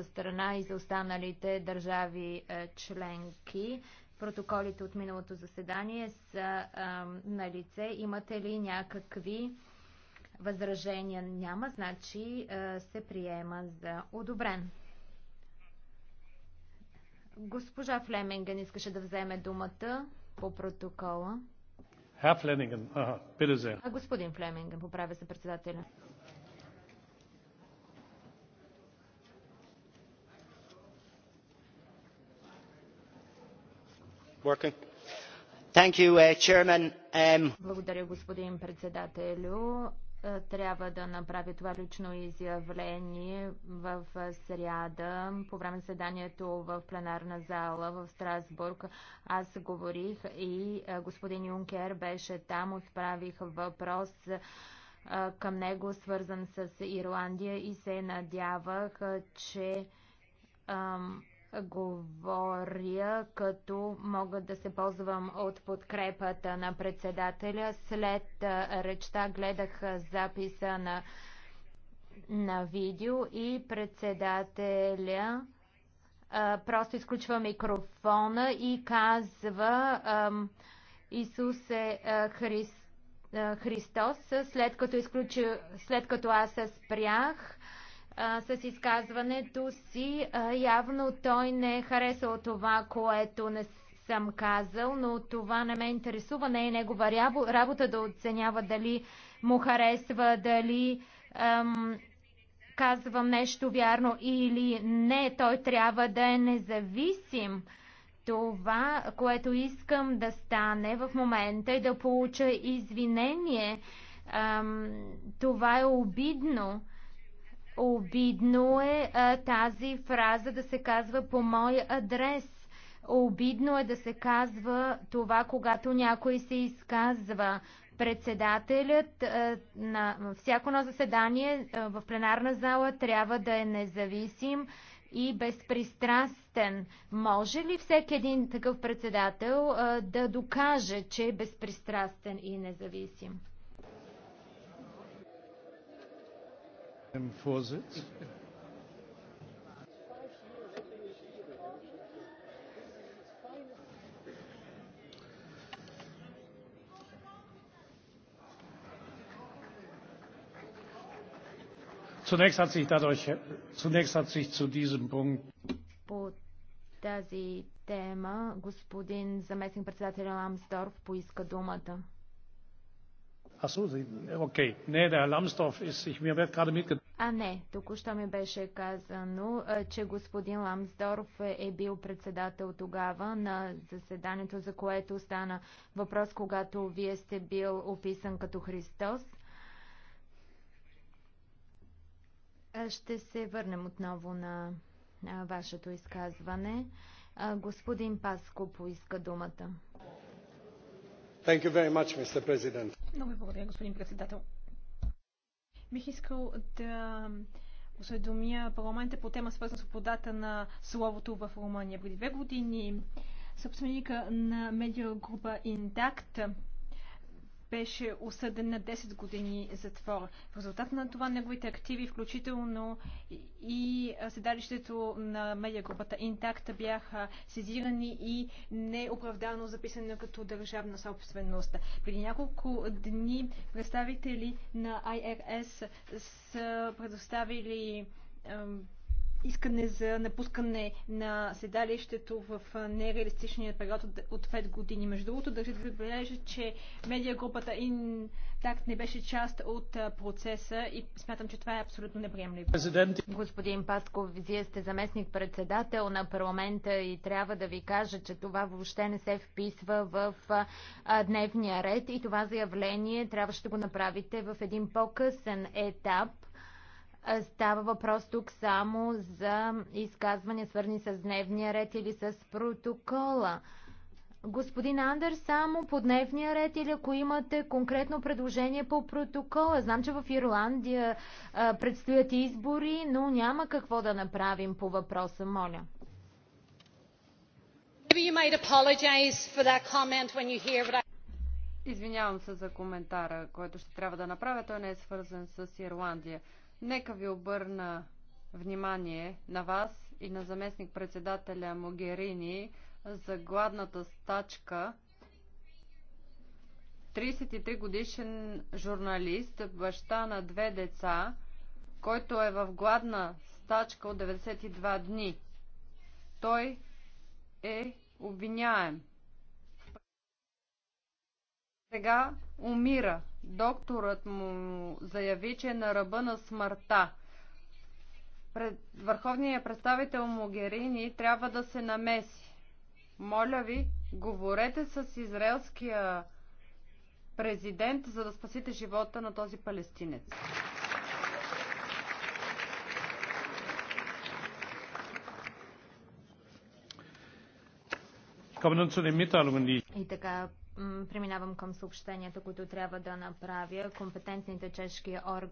нашата страна и за останалите държави е, членки. Протоколите от миналото заседание са а, е, на лице. Имате ли някакви възражения? Няма, значи а, е, се приема за одобрен. Госпожа Флеминген искаше да вземе думата по протокола. Господин Флеминген, поправя се председателя. Uh, um, Благодаря, господин председателю. Е, трябва да направя това лично изявление в е, сряда по време на заседанието в пленарна зала в Страсбург. Аз говорих и е, господин Юнкер беше там, отправих въпрос към него, свързан с Ирландия и се надявах, че ам, говоря, като мога да се ползвам от подкрепата на председателя. След речта гледах записа на, на видео и председателя а, просто изключва микрофона и казва а, Исус е а, Христ, а, Христос, след като, изключи, след като аз спрях а, с изказването си. А, явно той не е харесал това, което не съм казал, но това не ме интересува. Не е негова работа да оценява дали му харесва, дали ам, казвам нещо вярно или не. Той трябва да е независим. Това, което искам да стане в момента и е да получа извинение. Ам, това е обидно. Обидно е а, тази фраза да се казва по мой адрес. Обидно е да се казва това, когато някой се изказва. Председателят а, на всяко едно заседание а, в пленарна зала трябва да е независим и безпристрастен. Може ли всеки един такъв председател а, да докаже, че е безпристрастен и независим? dem Vorsitz. Zunächst hat sich dadurch, zunächst hat sich zu diesem Punkt тази тема господин заместник председател Ламсдорф поиска думата. Ach so, Sie, okay. Nee, der Herr Lambsdorff ist, ich, mir wird gerade mitgeteilt, а не, току-що ми беше казано, че господин Ламсдорф е, е бил председател тогава на заседанието, за което стана въпрос, когато вие сте бил описан като Христос. Ще се върнем отново на вашето изказване. Господин Паско поиска думата. Thank you very much, Mr. President. Много ви благодаря, господин председател. Бих искал да осведомя парламента по тема свързана с свободата на словото в Румъния. Преди две години собственика на медиагрупа Интакт беше осъден на 10 години затвор. В резултат на това неговите активи, включително и седалището на медиагрупата Интакта, бяха сезирани и неоправдано записани като държавна собственост. Преди няколко дни представители на IRS са предоставили искане за напускане на седалището в нереалистичния период от 5 години. Между другото, държа да отбележа, че медиагрупата Интакт не беше част от процеса и смятам, че това е абсолютно неприемливо. Господин Пасков, вие сте заместник председател на парламента и трябва да ви кажа, че това въобще не се вписва в дневния ред и това заявление трябваше да го направите в един по-късен етап – Става въпрос тук само за изказвания, свързани с дневния ред или с протокола. Господин Андер, само по дневния ред или ако имате конкретно предложение по протокола. Знам, че в Ирландия а, предстоят избори, но няма какво да направим по въпроса, моля. Извинявам се за коментара, който ще трябва да направя. Той не е свързан с Ирландия. Нека ви обърна внимание на вас и на заместник-председателя Могерини за гладната стачка. 33 годишен журналист, баща на две деца, който е в гладна стачка от 92 дни. Той е обвиняем сега умира. Докторът му заяви, че е на ръба на смъртта. Пред върховният представител Могерини трябва да се намеси. Моля ви, говорете с израелския президент, за да спасите живота на този палестинец. И така Преминавам към съобщенията, които трябва да направя. Компетентните чешки органи